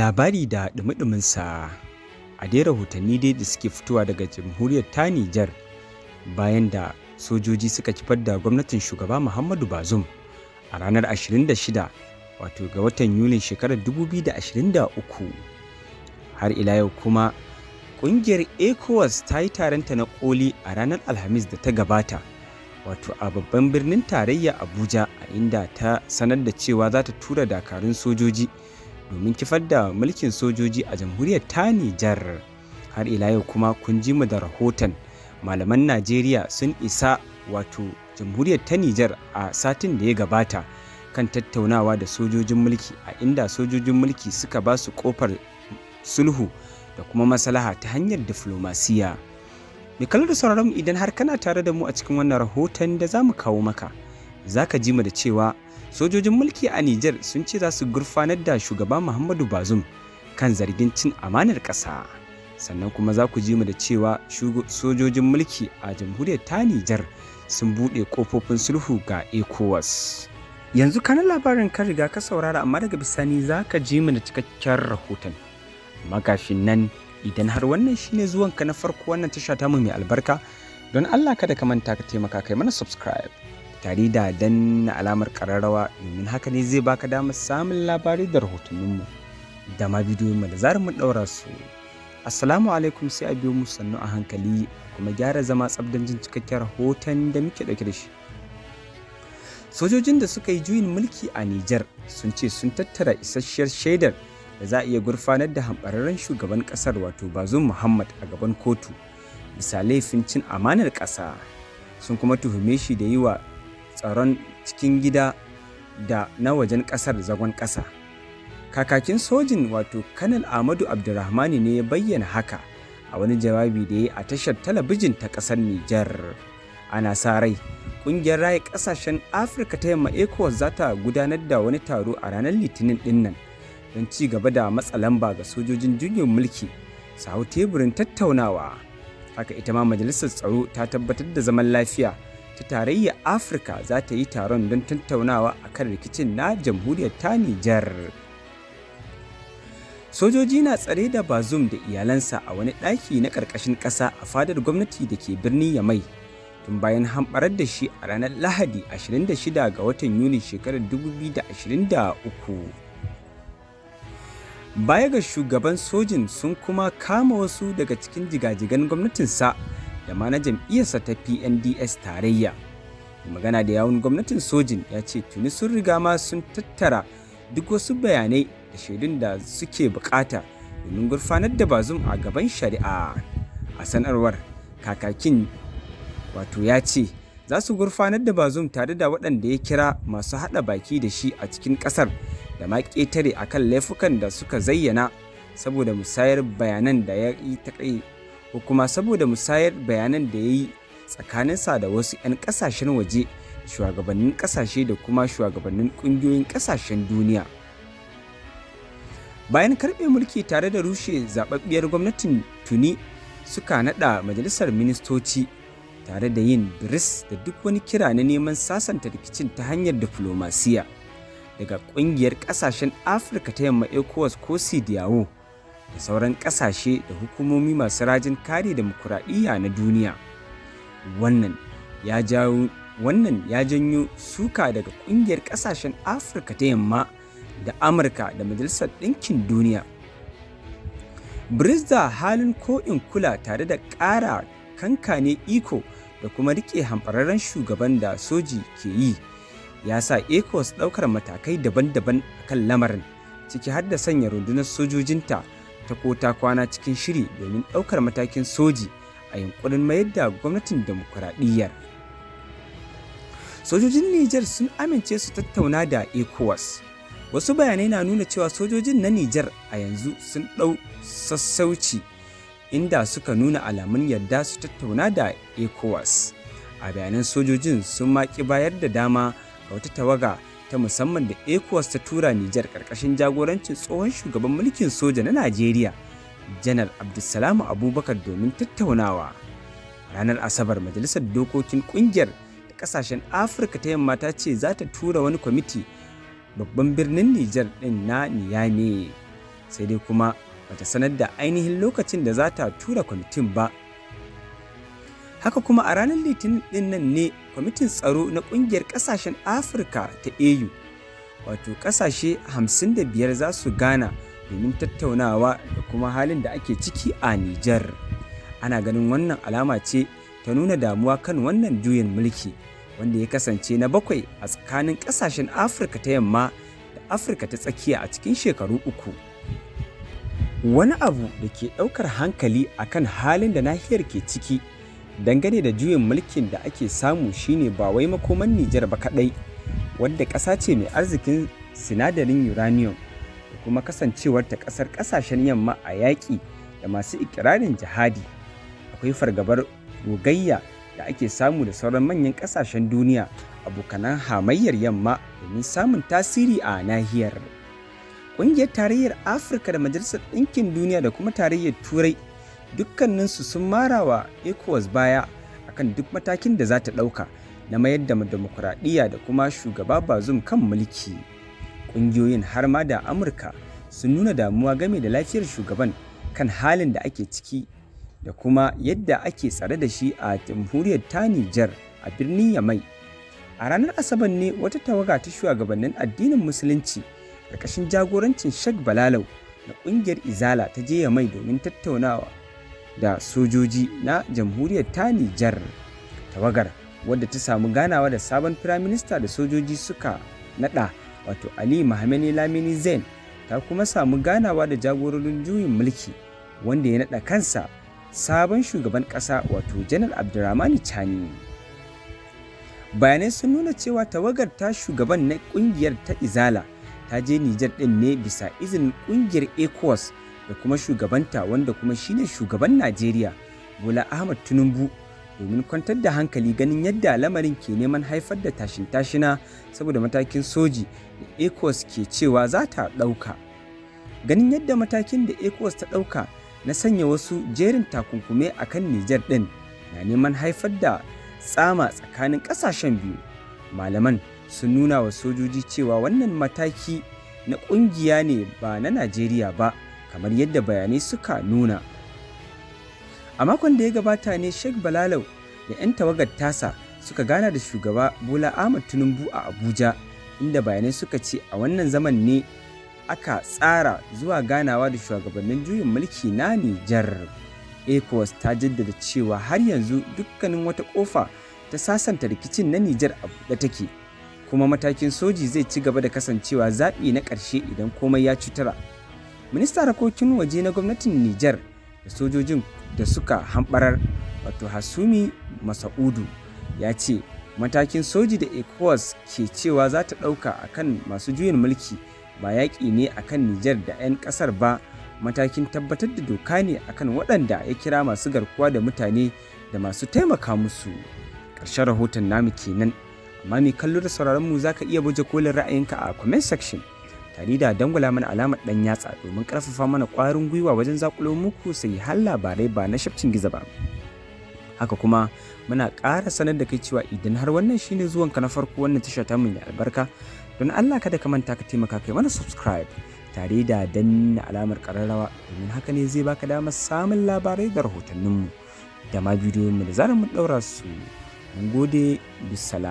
labari da ɗumi-ɗuminsa a dai rahotanni dai da suke fitowa daga jamhuriyar ta Nijar bayan da sojoji suka kifar da gwamnatin shugaba Muhammadu Bazum a ranar 26 wato ga watan Yulin shekarar 2023 har ila yau kuma ƙungiyar ECOWAS ta yi taronta na koli a ranar Alhamis da ta gabata wato a babban birnin tarayya Abuja a inda ta sanar da cewa za ta tura dakarun sojoji domin kifar da mulkin sojoji a jamhuriyar ta Nijar. Har ila yau kuma kun ji mu da rahoton malaman Najeriya sun isa wato jamhuriyar ta Nijar a satin da ya gabata kan tattaunawa da sojojin mulki a inda sojojin mulki suka ba su kofar sulhu da kuma masalaha ta hanyar diflomasiya. Mai da sauraron idan har kana tare da mu a cikin wannan rahoton da za mu kawo maka, za ka ji mu da cewa sojojin mulki a Nijar sun ce za su gurfanar da shugaba Muhammadu Bazum kan zargin cin amanar ƙasa. Sannan kuma za ku ji mu da cewa sojojin mulki a jamhuriyar ta Nijar sun buɗe ƙofofin sulhu ga ECOWAS. Yanzu kanan labarin kan riga ka saurara amma daga bisani za ka ji mu da cikakken rahoton. Amma kafin nan idan har wannan shine zuwanka na farko wannan tasha ta mu mai albarka don Allah kada ka manta ka taimaka kai mana subscribe. tare da danna alamar ƙararrawa domin haka ne zai baka damar samun labarai da rahotanninmu da ma bidiyoyinmu da zarar mun ɗaura su. Assalamu alaikum sai a biyo mu sannu a hankali kuma gyara zama tsabdan jin cikakken rahoton da muke ɗauke da shi. Sojojin da suka yi juyin mulki a Nijar sun ce sun tattara isasshiyar shaidar da za a iya gurfanar da hambararren shugaban ƙasar wato Bazoum Muhammad a gaban kotu. bisa laifin cin amanar ƙasa sun kuma tuhume shi da yi wa tsaron cikin gida da na wajen ƙasar zagon ƙasa. Kakakin sojin wato Kanal Ahmadu Abdulrahmani ne ya bayyana haka a wani jawabi da ya a tashar talabijin ta ƙasar Nijar. Ana sa rai ƙungiyar raye ƙasashen Afirka ta yamma ECOWAS za ta gudanar da wani taro a ranar Litinin ɗinnan don ci gaba da matsa lamba ga sojojin juyin mulki su hau teburin tattaunawa. Haka ita ma Majalisar Tsaro ta tabbatar da zaman lafiya ta tarayyar afirka za ta yi taron don tattaunawa a kan rikicin na jamhuriyar ta nijar sojoji na tsare da bazum da iyalansa a wani ɗaki na ƙarƙashin ƙasa a fadar gwamnati da ke birnin yamai tun bayan hamɓarar da shi a ranar lahadi 26 ga watan yuni shekarar 2023 baya ga shugaban sojin sun kuma kama wasu daga cikin jigajigan gwamnatinsa da ma na jam'iyyarsa ta pnds tarayya magana da yawun gwamnatin sojin ya ce tuni sun riga ma sun tattara duk wasu bayanai da shaidun da suke bukata domin gurfanar da bazum a gaban shari'a a sanarwar kakakin wato ya ce za su gurfanar da bazum tare da waɗanda ya kira masu haɗa baki da shi a cikin ƙasar da ma ƙetare a kan laifukan da suka zayyana saboda musayar bayanan da ya yi ko kuma saboda musayar bayanan da ya yi tsakaninsa da wasu 'yan kasashen waje shugabannin kasashe da kuma shugabannin kungiyoyin kasashen duniya bayan karbe mulki tare da rushe zababbiyar gwamnatin tuni suka nada majalisar ministoci tare da yin biris da duk wani kira na neman sasanta rikicin ta hanyar diflomasiya daga kungiyar kasashen afirka ta yamma ecowas ko cdao da sauran ƙasashe da hukumomi masu rajin kare demokuraɗiyya na duniya. Wannan ya jawo wannan ya janyo suka daga ƙungiyar ƙasashen Afirka ta yamma da Amurka da Majalisar Ɗinkin Duniya. Brisda halin ko'in kula tare da ƙara kankane iko da kuma riƙe hamfararren shugaban da soji ke yi ya sa ecos ɗaukar matakai daban-daban a kan lamarin ciki har da sanya rundunar sojojinta ta ko ta kwana cikin shiri domin ɗaukar matakin soji a yunkurin mayar da gwamnatin demokuraɗiyyar. Sojojin Nijar sun amince su tattauna da ECOWAS. Wasu bayanai na nuna cewa sojojin na Nijar a yanzu sun ɗau sassauci inda suka nuna alamun yarda su tattauna da ECOWAS. A bayanan sojojin sun maki bayar da dama ga wata tawaga ta musamman da ECOWAS ta tura Nijar ƙarƙashin jagorancin tsohon shugaban mulkin soja na Najeriya, Janar Abdulsalamu Abubakar domin tattaunawa. Ranar Asabar Majalisar Dokokin Ƙungiyar da ƙasashen Afirka ta yamma ta ce za ta tura wani kwamiti babban birnin Nijar ɗin na Niyame. Sai dai kuma bata sanar da ainihin lokacin da za ta tura kwamitin ba. Haka kuma a ranar Litinin ɗin nan ne kwamitin tsaro na ƙungiyar ƙasashen Afirka ta AU, wato ƙasashe 55 za su gana domin tattaunawa da kuma halin da ake ciki a Nijar. Ana ganin wannan alama ce ta nuna damuwa kan wannan juyin mulki wanda ya kasance na bakwai a tsakanin ƙasashen Afirka ta yamma da Afirka ta tsakiya a cikin shekaru uku. Wani abu da ke ɗaukar hankali akan halin da nahiyar ke ciki dangane da juyin mulkin da ake samu shine ba wai makoman Nijar ba kaɗai, wadda ƙasa ce mai arzikin sinadarin uranium da kuma kasancewarta ƙasar ƙasashen yamma a yaƙi da masu ikirarin jihadi. Akwai fargabar rugayya da ake samu da sauran manyan ƙasashen duniya abokanan hamayyar yamma domin samun tasiri a nahiyar. Ƙungiyar Tarayyar Afirka da Majalisar Ɗinkin Duniya da kuma Tarayyar Turai dukkaninsu sun marawa ecowas baya akan duk matakin da za ta ɗauka na mayar da demokuraɗiyya da kuma shugaba bazum kan mulki ƙungiyoyin har ma da amurka sun nuna damuwa game da lafiyar shugaban kan halin da ake ciki da kuma yadda ake tsare da shi a jamhuriyar ta nijar a birnin yamai a ranar asabar ne wata tawaga ta shugabannin addinin musulunci ƙarƙashin jagorancin Sheikh balalau na ƙungiyar izala ta je yamai domin tattaunawa da sojoji na jamhuriyar ta Nijar. Tawagar wadda ta samu ganawa da sabon firaminista da sojoji suka nada wato Ali Mahamani Lamini Zain ta kuma samu ganawa da jagororin juyin mulki wanda ya nada kansa sabon shugaban ƙasa wato janar Abdurrahmani Chani. Bayanai sun nuna cewa tawagar ta shugaban na ƙungiyar ta Izala ta je Nijar ɗin ne bisa izinin ƙungiyar ECOWAS da kuma shugabanta wanda kuma shine shugaban Najeriya Bola Ahmad Tinubu domin kwantar da hankali ganin yadda lamarin ke neman haifar da tashin-tashina saboda matakin soji da ECOWAS ke cewa za ta ɗauka. Ganin yadda matakin da ECOWAS ta ɗauka na sanya wasu jerin takunkume a kan Nijar ɗin na neman haifar da tsama tsakanin ƙasashen biyu. Malaman sun nuna wa sojoji cewa wannan mataki na ƙungiya ne ba na Najeriya ba. kamar yadda bayanai suka nuna a makon da ya gabata ne sheikh balalau da 'yan tawagar tasa suka gana da shugaba bola ahmad tinubu a abuja inda bayanai suka ce a wannan zaman ne aka tsara zuwa ganawa da shugabannin juyin mulki na nijar ecowas ta jaddada cewa har yanzu dukkanin wata ƙofa ta sasanta rikicin na Nijar a buɗe take kuma matakin soji zai ci gaba da kasancewa zaɓi na ƙarshe idan komai ya cutara ministan harkokin waje na gwamnatin Nijar da sojojin da suka hambarar wato Hasumi Masaudu ya ce matakin soji da ECOWAS ke cewa za ta ɗauka a kan masu juyin mulki ba yaƙi ne a kan Nijar da 'yan ƙasar ba matakin tabbatar da doka ne a kan waɗanda ya kira masu garkuwa da mutane da masu taimaka musu. Ƙarshen rahoton namu kenan, amma mai kallo da sauraron mu za ka iya buje kolin ra'ayinka a comment section. tare da dangula mana alamar dan yatsa domin karfafa mana kwarin gwiwa wajen zakulo muku sai har labarai ba na shafcin giza ba haka kuma muna ƙara sanar da kai cewa idan har wannan shine zuwanka na farko wannan tasha ta mun albarka don Allah kada ka manta ka taimaka kai mana subscribe tare da danna alamar kararrawa domin haka ne zai baka damar samun labarai da rahotanninmu da ma bidiyon mu da zarar mun daura su mun gode bisala